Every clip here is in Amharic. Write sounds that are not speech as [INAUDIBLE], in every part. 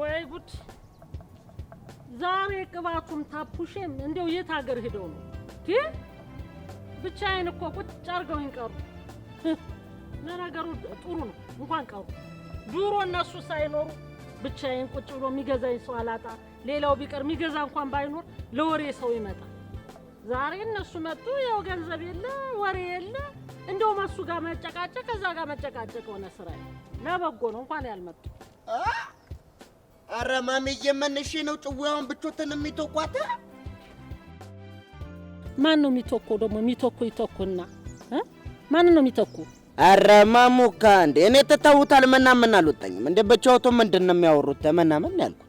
ወይ ጉድ! ዛሬ ቅባቱም ታፑሼም እንደው የት ሀገር ሄደው ነው ግን? ብቻዬን እኮ ቁጭ አድርገውኝ ቀሩ። [LAUGHS] ለነገሩ ጥሩ ነው እንኳን ቀሩ። ድሮ እነሱ ሳይኖሩ ብቻዬን ቁጭ ብሎ የሚገዛኝ ሰው አላጣ። ሌላው ቢቀር የሚገዛ እንኳን ባይኖር ለወሬ ሰው ይመጣል። ዛሬ እነሱ መጡ። ያው ገንዘብ የለ ወሬ የለ፣ እንደው መሱ ጋር መጨቃጨቅ ከዛ ጋር መጨቃጨቅ ሆነ ስራ። ለበጎ ነው እንኳን ያልመጡ አረ ማሜዬ መንሼ ነው ጭዋውን ብቾትን የሚተኳት ማን ነው የሚተኮ? ደግሞ የሚተኩ ይተኩና ማን ነው የሚተኩ? አረ ማሙካ እንዴ እኔ ተታውታል መናምን አልወጣኝም እንዴ ብቻውቶ ምንድን ነው የሚያወሩት? መናምን ያልኩት።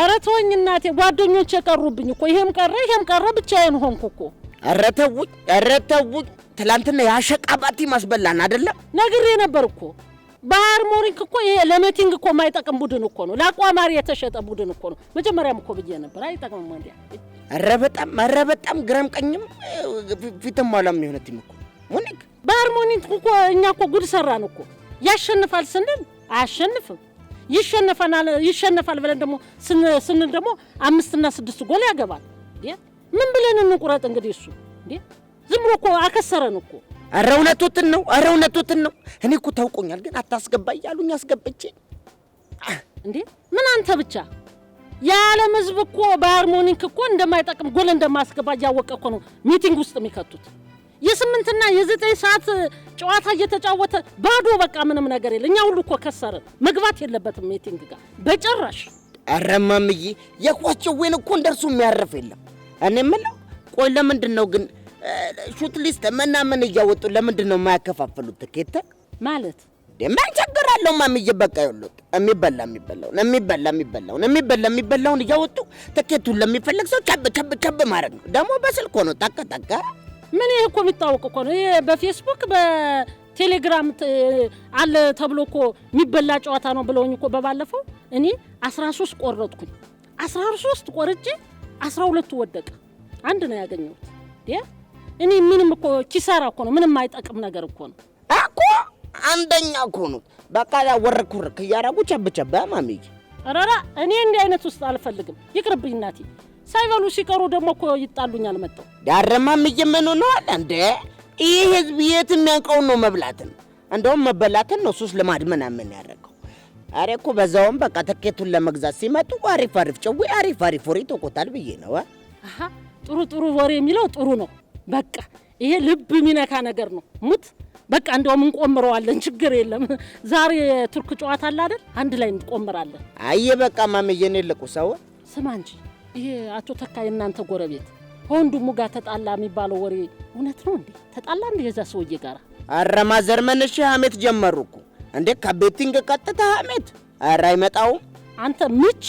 አረ ተወኝ እናቴ፣ ጓደኞቼ የቀሩብኝ እኮ ይሄም ቀረ ይሄም ቀረ ብቻዬን ሆንኩ እኮ። አረ ተውኝ፣ አረ ተውኝ። ትላንትና ያሸቃባቲ ማስበላን አይደለም ነግሬ ነበር እኮ በሃርሞኒክ እኮ ይሄ ለመቲንግ እኮ የማይጠቅም ቡድን እኮ ነው። ለአቋማሪ የተሸጠ ቡድን እኮ ነው። መጀመሪያም እኮ ብዬ ነበር አይጠቅምም። ወንዲያ ኧረ በጣም ኧረ በጣም ግራም ቀኝም ፊትም ኋላም የሆነ ቲም እኮ ሙኒክ በሃርሞኒክ እኮ እኛ እኮ ጉድ ሰራን እኮ። ያሸንፋል ስንል አያሸንፍም፣ ይሸነፈናል ይሸነፋል ብለን ደግሞ ስንል ደግሞ አምስትና ስድስት ጎል ያገባል። ምን ብለን እንቁረጥ እንግዲህ እሱ እንዴ ዝም ብሎ እኮ አከሰረን እኮ ኧረ እውነቶትን ነው፣ ኧረ እውነቶትን ነው። እኔ እኮ ታውቆኛል፣ ግን አታስገባ እያሉኝ አስገብቼ እንዴ ምን አንተ ብቻ የዓለም ህዝብ እኮ በሃርሞኒክ እኮ እንደማይጠቅም ጎል እንደማያስገባ እያወቀ እኮ ነው ሚቲንግ ውስጥ የሚከቱት። የስምንትና የዘጠኝ ሰዓት ጨዋታ እየተጫወተ ባዶ በቃ ምንም ነገር የለ። እኛ ሁሉ እኮ ከሰርን፣ መግባት የለበትም ሚቲንግ ጋር በጭራሽ። ኧረ እማምዬ የኳቸው ወይን እኮ እንደርሱ የሚያርፍ የለም። እኔ የምለው ቆይ ለምንድን ነው ግን ሹት ሊስት ምናምን እያወጡ ለምንድን ነው የማያከፋፍሉት? ትኬት ማለት ምን ችግር አለው? ማምዬ በቃ ይኸውልህ፣ የሚበላ የሚበላውን የሚበላ የሚበላውን የሚበላ የሚበላውን እያወጡ ትኬቱን ለሚፈለግ ሰው ቸብ ቸብ ቸብ ማድረግ ነው። ደግሞ በስልክ ሆኖ ጠቀ ጠቀ ምን ይሄ እኮ የሚታወቅ እኮ ነው። ይሄ በፌስቡክ በቴሌግራም አለ ተብሎ እኮ የሚበላ ጨዋታ ነው ብለውኝ እኮ በባለፈው እኔ 13 ቆረጥኩኝ። 13 ቆርጬ 12 ወደቀ፣ አንድ ነው ያገኘሁት። እኔ ምንም እኮ ኪሳራ እኮ ነው፣ ምንም አይጠቅም ነገር እኮ ነው እኮ አንደኛ እኮ ነው። በቃ ያ ወርክ ወረክ እያደረጉ ቸብቸባ ማሚዬ፣ ኧረ እኔ እንዲህ አይነት ውስጥ አልፈልግም፣ ይቅርብኝ እናቴ። ሳይበሉ ሲቀሩ ደግሞ እኮ ይጣሉኛል መጣው ዳረማ ማሚዬ፣ ምን ሆነዋል እንዴ? ይህ ህዝብ የት የሚያውቀውን ነው መብላትን፣ እንደውም መበላትን ነው ሱስ ልማድ ምናምን ያደረገው። አሬ እኮ በዛውም በቃ ትኬቱን ለመግዛት ሲመጡ አሪፍ አሪፍ ጨዌ፣ አሪፍ አሪፍ ወሬ ተቆጣል ብዬ ነው። ጥሩ ጥሩ ወሬ የሚለው ጥሩ ነው በቃ ይሄ ልብ የሚነካ ነገር ነው። ሙት በቃ እንደውም እንቆምረዋለን፣ ችግር የለም። ዛሬ የቱርክ ጨዋታ አለ አይደል? አንድ ላይ እንቆምራለን። አየ በቃ ማመየን የለቁ ሰው ስማ እንጂ ይሄ አቶ ተካ የእናንተ ጎረቤት ከወንድሙ ጋር ተጣላ የሚባለው ወሬ እውነት ነው እንዴ? ተጣላ እንዴ? የዛ ሰውዬ ጋር አረማ ዘርመንሽ ሀሜት ጀመሩ እኮ እንዴ! ከቤቲንግ ቀጥታ ሀሜት። አረ አይመጣውም አንተ ምች።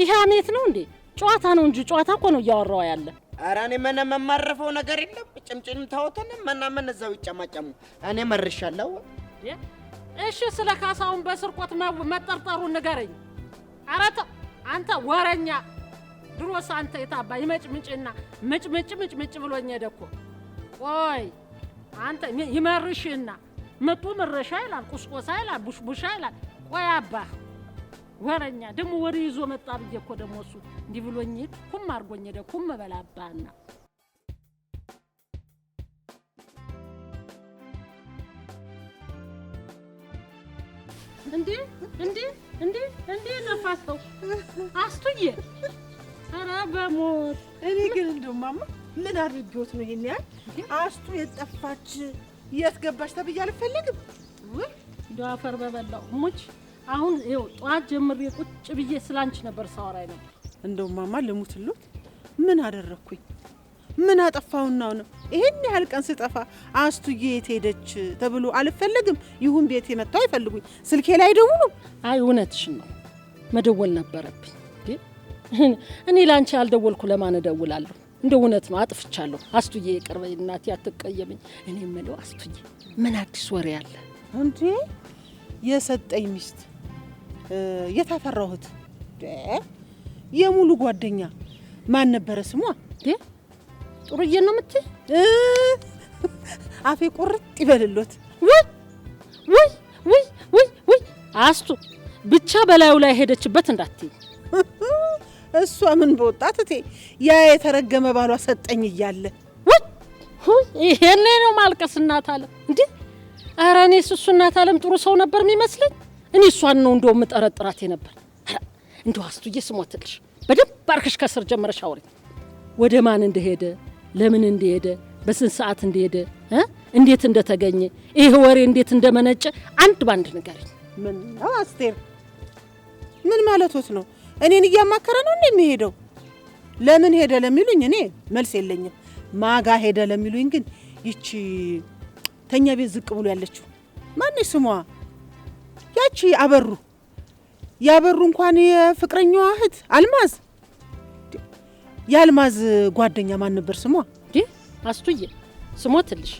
ይሄ ሀሜት ነው እንዴ? ጨዋታ ነው እንጂ ጨዋታ እኮ ነው እያወራው ያለ ኧረ እኔ ምን የማረፈው ነገር የለም። ጭምጭም ታወተን ምን እዛው ይጨማጨሙ። እኔ መርሻለሁ። እሺ፣ ስለ ካሳሁን በስርቆት መጠርጠሩ ንገረኝ። ኧረ ተው አንተ ወረኛ። ድሮስ አንተ የታባ ይመጭምጭና ምጭምጭ ምጭምጭ ብሎኝ ሄደ እኮ። ቆይ አንተ ይመርሽና ምጡ ምርሻ ይላል፣ ቁስቆሳ ይላል፣ ቡሽቡሻ ይላል። ቆይ አባህ ወረኛ ደግሞ ወሬ ይዞ መጣ ብዬ እኮ ደግሞ እሱ እንዲህ ብሎኝ ኩም አድርጎኝ ደ ኩም በላባና እንዴ እንዴ እንዴ እንዴ ነፋስተው አስቱዬ፣ ኧረ በሞት እኔ ግን እንደማማ ምን አድርጌዎት ነው ይሄን ያህል? አስቱ የጠፋች ጠፋች የት ገባች ተብዬ አልፈለግም። ውይ እንደው አፈር በበላው ሙች አሁን ይኸው ጠዋት ጀምሬ ቁጭ ብዬ ስላንች ነበር ሳወራ ነበር። እንደው ማማ ልሙትሉት ምን አደረግኩኝ? ምን አጠፋውና ነው ይሄን ያህል ቀን ስጠፋ አስቱዬ የት ሄደች ተብሎ አልፈለግም። ይሁን ቤት የመጣው አይፈልጉኝ፣ ስልኬ ላይ ደውሉ። አይ እውነትሽ ነው መደወል ነበረብኝ። እኔ ላንቺ አልደወልኩ ለማን እደውላለሁ? እንደ እውነት ነው አጥፍቻለሁ። አስቱዬ የቅርበ እናቴ አትቀየምኝ። እኔ የምለው አስቱዬ ምን አዲስ ወሬ አለ እንዴ? የሰጠኝ ሚስት የታፈራሁት የሙሉ ጓደኛ ማን ነበረ ስሟ? ጥሩዬ ነው የምትይ? አፌ ቁርጥ ይበልሎት። ውይ ውይ ውይ ውይ ውይ አስቱ ብቻ በላዩ ላይ ሄደችበት እንዳትይ። እሷ ምን በወጣት እቴ ያ የተረገመ ባሏ ሰጠኝ እያለ ውይ ይሄኔ ነው ማልቀስ እናት አለም እንዴ! ኧረ እኔስ እሱ እናት አለም ጥሩ ሰው ነበር የሚመስለኝ። እኔ እሷን ነው እንደው ምጠረጥራት የነበር። እንደው አስቱዬ ስሟ ትቅርሽ፣ በደንብ አርክሽ ከስር ጀመረሽ አውሪ። ወደ ማን እንደሄደ ለምን እንደሄደ በስንት ሰዓት እንደሄደ እንዴት እንደተገኘ ይህ ወሬ እንዴት እንደመነጨ አንድ ባንድ ንገረኝ። ምን ነው አስቴር፣ ምን ማለቶት ነው? እኔን እያማከረ ነው እንዴ የሚሄደው? ለምን ሄደ ለሚሉኝ እኔ መልስ የለኝም። ማጋ ሄደ ለሚሉኝ ግን ይቺ ተኛ ቤት ዝቅ ብሎ ያለችው ማነች ስሟ? ያቺ አበሩ ያበሩ እንኳን የፍቅረኛዋ እህት አልማዝ የአልማዝ ጓደኛ ማን ነበር ስሟ? እንዲህ አስቱዬ ስሟ ትልሽ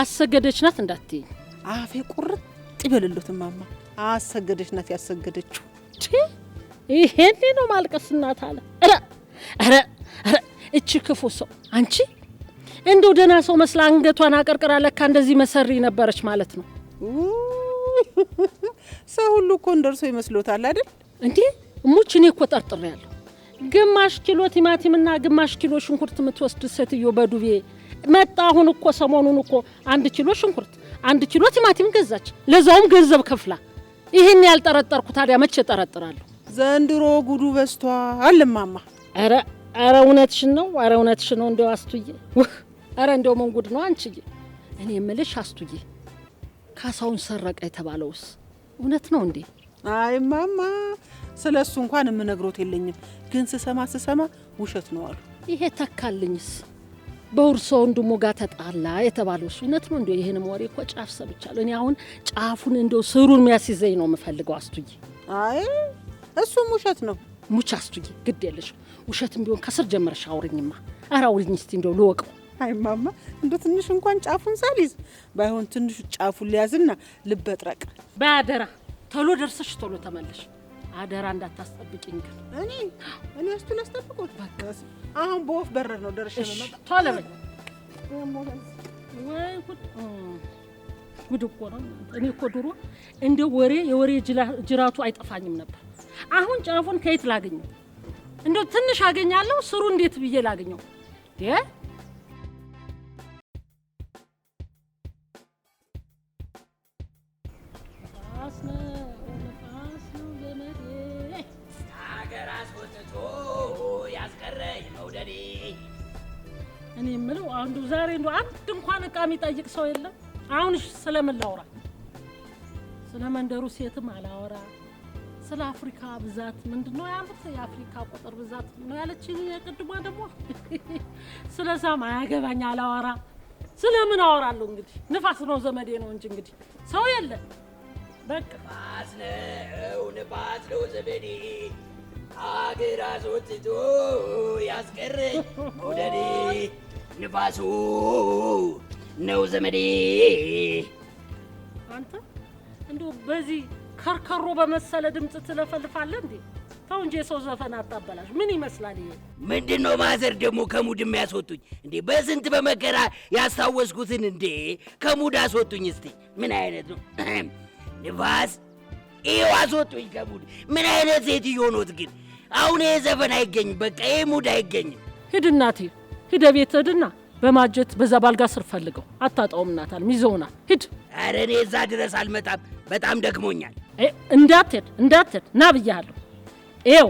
አሰገደች ናት እንዳትይኝ። አፌ ቁርጥ ይበልሎት ማማ አሰገደች ናት ያሰገደችው። ይሄኔ ነው ማልቀስ እናት አለ። ኧረ ኧረ እቺ ክፉ ሰው አንቺ እንደው ደህና ሰው መስላ አንገቷን አቀርቅራ ለካ እንደዚህ መሰሪ ነበረች ማለት ነው። ሰው ሁሉ እኮ እንደርሶ ይመስሎታል አይደል እንዴ? እሙች እኔ እኮ ጠርጥሬ ያለሁ ግማሽ ኪሎ ቲማቲምና ግማሽ ኪሎ ሽንኩርት የምትወስድ ሴትዮ በዱቤ መጣ። አሁን እኮ ሰሞኑን እኮ አንድ ኪሎ ሽንኩርት አንድ ኪሎ ቲማቲም ገዛች፣ ለዛውም ገንዘብ ከፍላ። ይህን ያልጠረጠርኩ ታዲያ መቼ ጠረጥራለሁ? ዘንድሮ ጉዱ በዝቷል እማማ። ኧረ ኧረ እውነትሽን ነው፣ ኧረ እውነትሽን ነው። እንደው አስቱዬ፣ ውህ ኧረ እንደው መንጉድ ነው አንቺዬ። እኔ የምልሽ አስቱዬ፣ ካሳውን ሰረቀ የተባለውስ እውነት ነው እንዴ? አይ ማማ፣ ስለ እሱ እንኳን የምነግሮት የለኝም፣ ግን ስሰማ ስሰማ ውሸት ነው አሉ። ይሄ ተካልኝስ በውርሶ ወንድሞ ጋር ተጣላ የተባለው እሱ እውነት ነው እንዴ? ይህንም ወሬ እኮ ጫፍ ሰምቻለሁ። እኔ አሁን ጫፉን እንደው ስሩን የሚያስይዘኝ ነው የምፈልገው አስቱዬ። አይ እሱም ውሸት ነው። ሙች አስቱዬ፣ ግድ የለሽ ውሸትም ቢሆን ከስር ጀምረሽ አውርኝማ። አራ አራውልኝ እስቲ እንደው ልወቀው አይማማ እንደ ትንሽ እንኳን ጫፉን ሳልይዝ ባይሆን ትንሽ ጫፉን ሊያዝና ልበጥረቅ። በአደራ ቶሎ ደርሰሽ ቶሎ ተመለሽ። አደራ እንዳታስጠብቂኝ። ግን እኔ እኔ እስቱ ላስጠብቆት ባካስ አሁን በወፍ በረር ነው ደርሽ ቶሎ በይ። ወይ ጉድ እኮ ነው። እኔ እኮ ድሮ እንደ ወሬ የወሬ ጅራቱ አይጠፋኝም ነበር። አሁን ጫፉን ከየት ላገኘው? እንደ ትንሽ አገኛለሁ ስሩ እንዴት ብዬ ላገኘው? ነፋስ ነው ነፋስ ነው አስወጥቶ ያስቀረኝ መውደዴ። እኔ የምለው አንዱ ዛሬ አንድ እንኳን እቃ የሚጠይቅ ሰው የለም። አሁንሽ ስለምን ላውራ? ስለ መንደሩ ሴትም አላወራ። ስለ አፍሪካ ብዛት ምንድን ነው ያሉት? የአፍሪካ ቁጥር ብዛት ነው ያለች። የቅድሟ ደግሞ አያገባኝ አላወራ። ስለምን አወራለሁ? እንግዲህ ንፋስ ነው ዘመዴ ነው እንጂ እንግዲህ ሰው የለም። በቃ ንፋስ ንፋስ ነው ዘመዴ አገር አስወጥቶ ያስቀረኝ መውደዴ ንፋሱ ነው ዘመዴ። አንተ እንደው በዚህ ከርከሮ በመሰለ ድምፅ ትለፈልፋለህ እንዴ? ተው እንጂ የሰው ዘፈን አታበላሽ። ምን ይመስላል ይሄ? ምንድን ነው ማዘር ደግሞ ከሙድ የሚያስወጡኝ እንዴ? በስንት በመከራ ያስታወስኩትን እንዴ ከሙድ አስወጡኝ። እስቲ ምን አይነት ነው [CLEARS THROAT] ንፋስ ይኸው አስወጡኝ ከሙድ። ምን አይነት ሴት ሆኖት ግን አሁን ይሄ ዘፈን አይገኝም። በቃ ይሄ ሙድ አይገኝም። ሂድ እናቴ ሂድ፣ ቤት ሂድና በማጀት በዛ ባልጋ ስር ፈልገው አታጣውም። እናታል ሚዘውናል። ሂድ። ኧረ እኔ እዛ ድረስ አልመጣም። በጣም ደክሞኛል። እንዳትሄድ እንዳትሄድ፣ ና ብያለሁ። ይኸው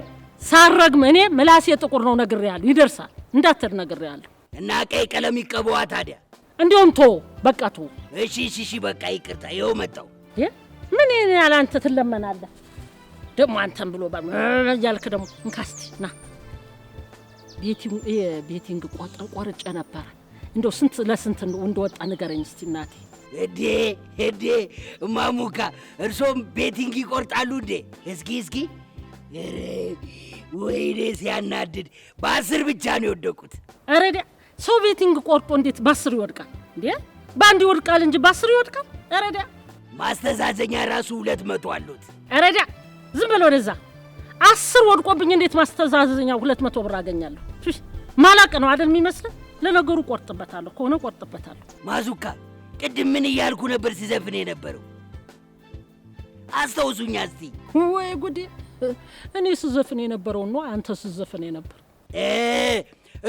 ሳረግም እኔ ምላሴ ጥቁር ነው ነግሬሃለሁ። ይደርሳል። እንዳትሄድ ነግሬሃለሁ። እና ቀይ ቀለም ይቀበዋ ታዲያ። እንዲሁም ቶ በቃ ቶ እሺ፣ እሺ፣ በቃ ይቅርታ። ይኸው መጣሁ። ምን ይሄን ያለ አንተ ትለመናለህ ደግሞ አንተን ብሎ እያልክ ደግሞ እንካስቲ ና ቤቲንግ ቆርጬ ነበረ። እንደው ስንት ለስንት እንደወጣ ንገረኝ እስቲ እናቴ። እዴ እዴ ማሙካ እርሶም ቤቲንግ ይቆርጣሉ እንዴ? እስኪ እስኪ ወይኔ ሲያናድድ በአስር ብቻ ነው የወደቁት። ኧረ ሰው ቤቲንግ ቆርጦ እንዴት በአስር ይወድቃል እንዴ? በአንድ ይወድቃል እንጂ በአስር ይወድቃል? ኧረ ማስተዛዘኛ ራሱ ሁለት መቶ አሉት። ረዳ ዝም በል ወደዛ። አስር ወድቆብኝ እንዴት ማስተዛዘኛ ሁለት መቶ ብር አገኛለሁ? ማላቅ ነው አይደል የሚመስል። ለነገሩ ቆርጥበታለሁ፣ ከሆነ ቆርጥበታለሁ። ማዙካ ቅድም ምን እያልኩ ነበር ሲዘፍን የነበረው? አስታውሱኛ እስቲ። ወይ ጉዴ! እኔ ስዘፍን የነበረውን ነው አንተ ስዘፍን የነበር።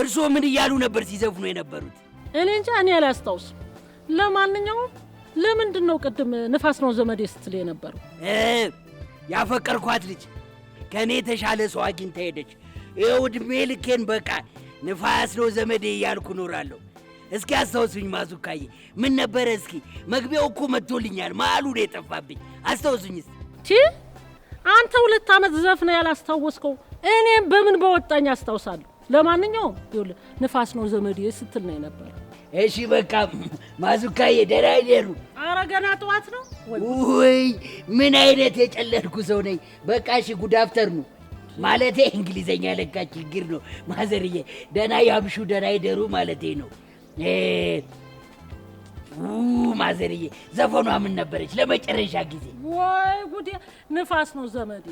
እርስዎ ምን እያሉ ነበር ሲዘፍኑ የነበሩት? እኔ እንጃ፣ እኔ አላስታውስም። ለማንኛውም ለምንድን ነው ቅድም ንፋስ ነው ዘመዴ ስትል የነበረው? ያፈቀርኳት ልጅ ከእኔ የተሻለ ሰው አግኝታ ሄደች። ይኸው ዕድሜ ልኬን በቃ ንፋስ ነው ዘመዴ እያልኩ እኖራለሁ። እስኪ አስታውሱኝ ማዙካዬ፣ ምን ነበረ? እስኪ መግቢያው እኮ መጥቶልኛል፣ መሀሉ ነው የጠፋብኝ። አስታውሱኝ እስኪ። ቺ አንተ ሁለት ዓመት ዘፍ ነው ያላስታወስከው፣ እኔም በምን በወጣኝ አስታውሳለሁ። ለማንኛውም ንፋስ ነው ዘመዴ ስትል ነው የነበረው። እሺ በቃ ማዙካዬ፣ ደህና ይደሩ። አረ ገና ጠዋት ነው። ውይ ምን አይነት የጨለድኩ ሰው ነኝ። በቃ እሺ፣ ጉድ አፍተር ነው ማለት እንግሊዘኛ ለካ ችግር ነው። ማዘርዬ፣ ደህና ያምሹ፣ ደህና ይደሩ ማለቴ ነው። ማዘርዬ፣ ዘፈኗ ምን ነበረች? ለመጨረሻ ጊዜ ወይ ጉዴ! ንፋስ ነው ዘመዴ።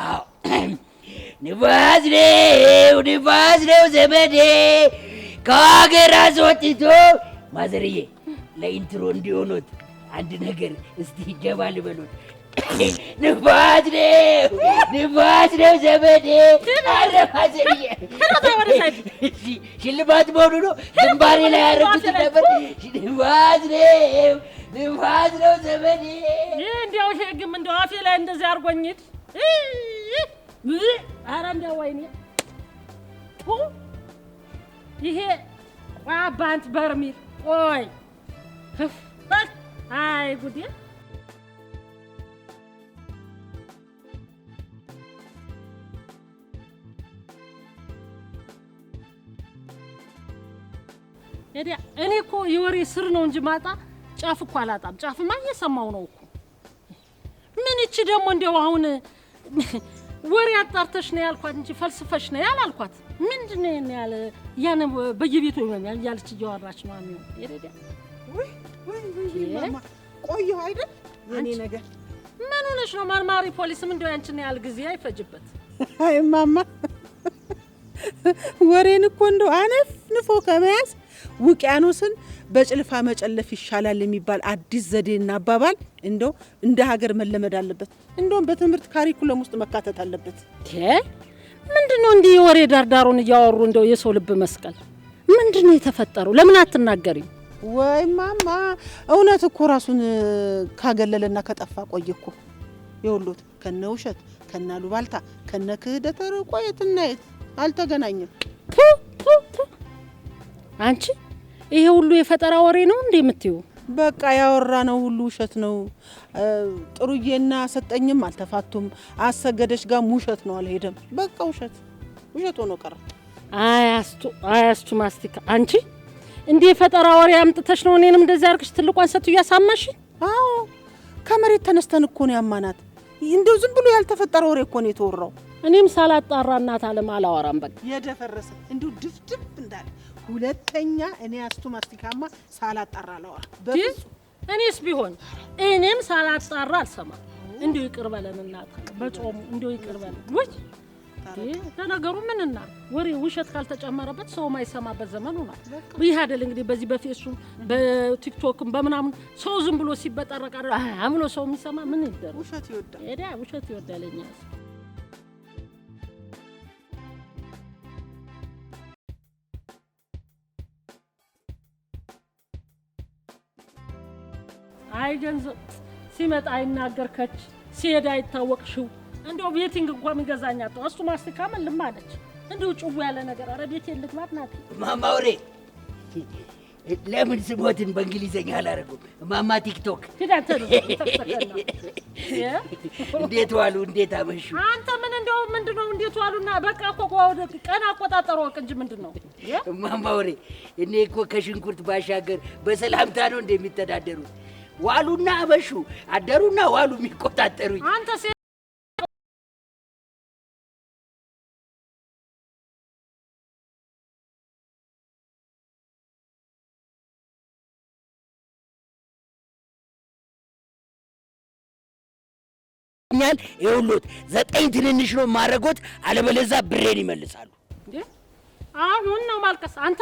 አዎ [CLEARS THROAT] ንፋስ ነው፣ ንፋስ ነው ዘመዴ ከሀገር አስወጥቶ ማዘርዬ ለኢንትሮ እንዲሆኑት አንድ ነገር እስቲ ገባ ልበሉት። ንፋት ነው ንፋት ነው ዘመዴ። ሽልማት መሆኑ ነው። ግንባሬ ላይ ነበር። ንፋት ነው ንፋት ነው ዘመዴ። እንዲያው ሸግም አፌ ላይ እንደዚህ አድርጎኝት። እንዲያው ወይኔ ይሄ አባንት በርሚል ቆይ አይ ጉዴ እኔ እኮ የወሬ ስር ነው እንጂ ማጣ ጫፍ እኮ አላጣም። ጫፍማ እየሰማው ነው እኮ። ምን እቺ ደግሞ እንደው አሁን ወሬ አጣርተሽ ነው ያልኳት እንጂ ፈልስፈሽ ነው ያላልኳት። ምንድን ነው ያለ ያነ በየቤቱ ነው ይሆናል ያልች እያወራች ነው። አሚው ይረዳ ወይ ወይ ወይ ማማ ቆየሁ አይደል የኔ ነገር ምን ሆነሽ ነው? መርማሪ ፖሊስም እንደው ያንቺን ያህል ጊዜ አይፈጅበት። አይ ማማ ወሬን እኮ እንደው አነፍ ንፎ ከመያዝ ውቅያኖስን በጭልፋ መጨለፍ ይሻላል የሚባል አዲስ ዘዴና አባባል እንደው እንደ ሀገር መለመድ አለበት። እንደውም በትምህርት ካሪኩለም ውስጥ መካተት አለበት። ምንድነው እንዲህ የወሬ ዳርዳሩን እያወሩ እንደው የሰው ልብ መስቀል ምንድነው የተፈጠረው? ለምን አትናገሪም? ወይ ማማ እውነት እኮ ራሱን ካገለለና ከጠፋ ቆየ እኮ የወሎት ከነ ውሸት ከነ ሉባልታ ከነ ክህደት ርቆ የትና የት አልተገናኘም። አንቺ ይሄ ሁሉ የፈጠራ ወሬ ነው እንዴ የምትይው? በቃ ያወራ ነው ሁሉ ውሸት ነው። ጥሩዬና ሰጠኝም አልተፋቱም። አሰገደች ጋርም ውሸት ነው፣ አልሄደም። በቃ ውሸት ውሸት ሆኖ ቀረ። አያስቱ አያስቱ ማስቲካ አንቺ እንዲህ የፈጠራ ወሬ አምጥተሽ ነው እኔንም እንደዚህ አድርግሽ ትልቋን ሴትዮ እያሳማሽ? አዎ ከመሬት ተነስተን እኮ ነው ያማናት። እንደው ዝም ብሎ ያልተፈጠረ ወሬ እኮ ነው የተወራው። እኔም ሳላጣራ እናት አለም አላወራም። በቃ የደፈረሰ እንዲሁ ድፍድፍ እንዳለ ሁለተኛ እኔ አስቱ ማስቲካማ ሳላጣራ አላወራም። እኔስ ቢሆን እኔም ሳላጣራ አልሰማም። እንደው ይቅር በለን እናትህ፣ በጾሙ እንደው ይቅር በለን ወይ። ለነገሩ ምንና ወሬ ውሸት ካልተጨመረበት ሰው ማይሰማበት ዘመን ሆኗል። ይህ አይደል እንግዲህ በዚህ በፌሱም በቲክቶክም በምናምን ሰው ዝም ብሎ ሲበጠረቅ አምኖ ሰው የሚሰማ ምን ይደረግ? ውሸት ይወዳል፣ ውሸት ይወዳል። አይ ገንዘብ ሲመጣ አይናገርከች ሲሄድ አይታወቅሽው እንደው ቤቲንግ እንኳን የሚገዛኝ አጣሁ። እሱ ማስቲካ ምን ልማለች እንዲሁ ጭው ያለ ነገር። ኧረ ቤት ልግባት ናት ማማውሬ ለምን ስሞትን በእንግሊዘኛ አላደረጉም? ማማ ቲክቶክ እንዴት ዋሉ እንዴት አመሹ? አንተ ምን እንደው ምንድን ነው እንዴት ዋሉና በቃ እኮ ቀን አቆጣጠሩ ወቅ እንጂ ምንድን ነው እማማ ወሬ። እኔ እኮ ከሽንኩርት ባሻገር በሰላምታ ነው እንደሚተዳደሩት ዋሉና አበሹ አደሩና ዋሉ የሚቆጣጠሩኝ ይገኛል ይኸውልዎት፣ ዘጠኝ ትንንሽ ነው ማድረጎት፣ አለበለዛ ብሬን ይመልሳሉ። አሁን ነው ማልቀስ አንተ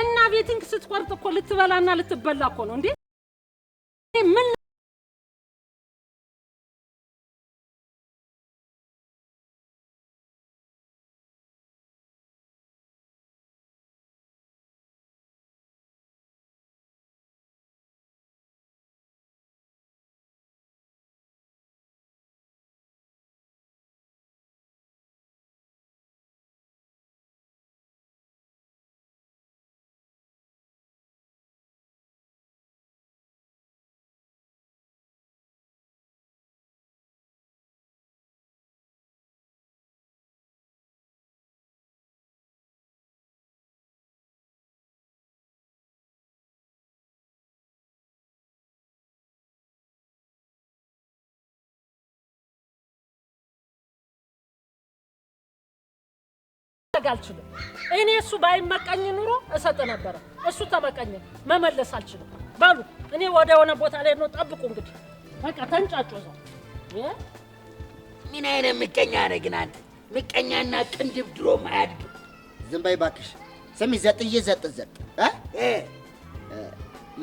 እና ቤቲንግ ስትቆርጥ እኮ ልትበላና ልትበላ እኮ ነው እንዴ? إيه، من ማድረግ አልችልም። እኔ እሱ ባይመቀኝ ኑሮ እሰጥ ነበረ። እሱ ተመቀኝ፣ መመለስ አልችልም። በሉ እኔ ወደ ሆነ ቦታ ላይ ነው፣ ጠብቁ እንግዲህ በቃ ተንጫጩ። እዛው ምን አይነት ምቀኛ ነህ ግን አንተ? ምቀኛና ቅንድብ ድሮም አያድግም። ዝም በይ እባክሽ። ስሚ ዘጥዬ ዘጥ ዘጥ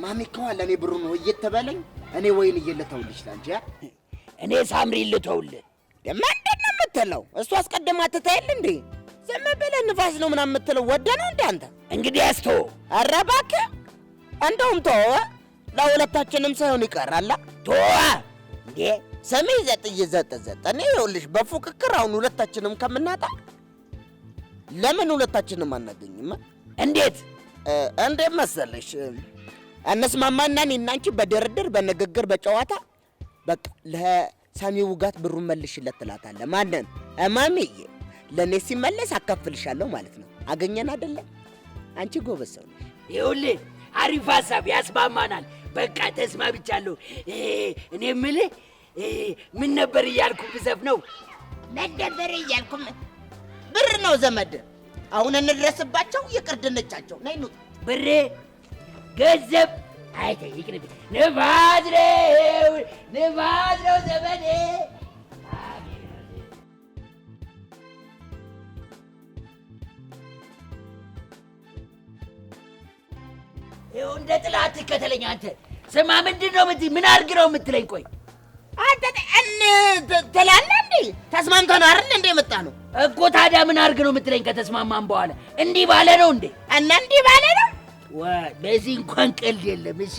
ማሚ ከዋ እኔ ብሩ ነው እየተበለኝ፣ እኔ ወይን እየልተውልሽ ላንቺ እኔ ሳምሪ ልተውልህ። ደማ ነው የምትለው? እሱ አስቀድማ ትታይል እንዴ? ዝም ብለህ ንፋስ ነው ምናምን የምትለው ወደ ነው እንደ አንተ እንግዲህ አስቶ ኧረ እባክህ እንደውም ተወ። ለሁለታችንም ሳይሆን ይቀራላ ተወ እንዴ ሰሜ ዘጥ እየዘጠ ዘጥ እኔ ይኸውልሽ በፉክክር አሁን ሁለታችንም ከምናጣ ለምን ሁለታችንም አናገኝም? እንዴት እንዴት መሰለሽ እንስማማና እኔ እና አንቺ በድርድር በንግግር በጨዋታ በቃ ለሳሚ ውጋት ብሩን መልሽለት ትላታለህ። ማንን እማሜዬ ለእኔ ሲመለስ አካፍልሻለሁ ማለት ነው። አገኘን አይደለም? አንቺ ጎበዝ ሰው ነሽ። ይኸውልህ አሪፍ ሀሳብ ያስማማናል። በቃ ተስማምቻለሁ። እኔ ምል ምን ነበር እያልኩ ብዘፍ ነው ምን ነበር እያልኩ ብር ነው ዘመድ። አሁን እንድረስባቸው ይቅር ድንቻቸው ነይኑ ብሬ ገንዘብ አይተ ይቅርብ ንፋስ ነው ንፋስ ነው ዘመዴ እንደ ጥላት ትከተለኝ አንተ። ስማ፣ ምንድን ነው የምትይ? ምን አድርግ ነው የምትለኝ? ቆይ አንተ ትላለህ እንዴ? ተስማምተን አይደል እንዴ መጣ ነው እኮ። ታዲያ ምን አድርግ ነው የምትለኝ? ከተስማማን በኋላ እንዲህ ባለ ነው እንዴ? እና እንዲህ ባለ ነው ዋ። በዚህ እንኳን ቀልድ የለም። እሺ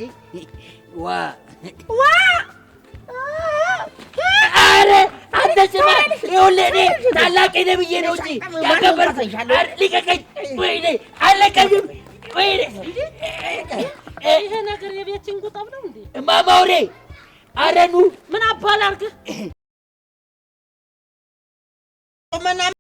ዋ ዋ አረ አንተ ስማ፣ ይኸውልህ እኔ ታላቅ ነብዬ ነው እንጂ ያከበርኩ። ልቀቀኝ! ወይኔ አለቀኝም ይሄ ነገር የቤችን ጉጠብ ነው እንዴ? ማማውሬ አረኑ ምን አባል አድርገህ